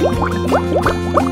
What?